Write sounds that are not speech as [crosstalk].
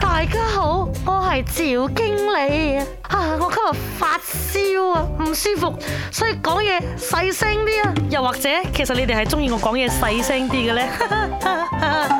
大家好，我係趙經理啊！我今日發燒啊，唔舒服，所以講嘢細聲啲啊！又或者，其實你哋係中意我講嘢細聲啲嘅呢？ [laughs]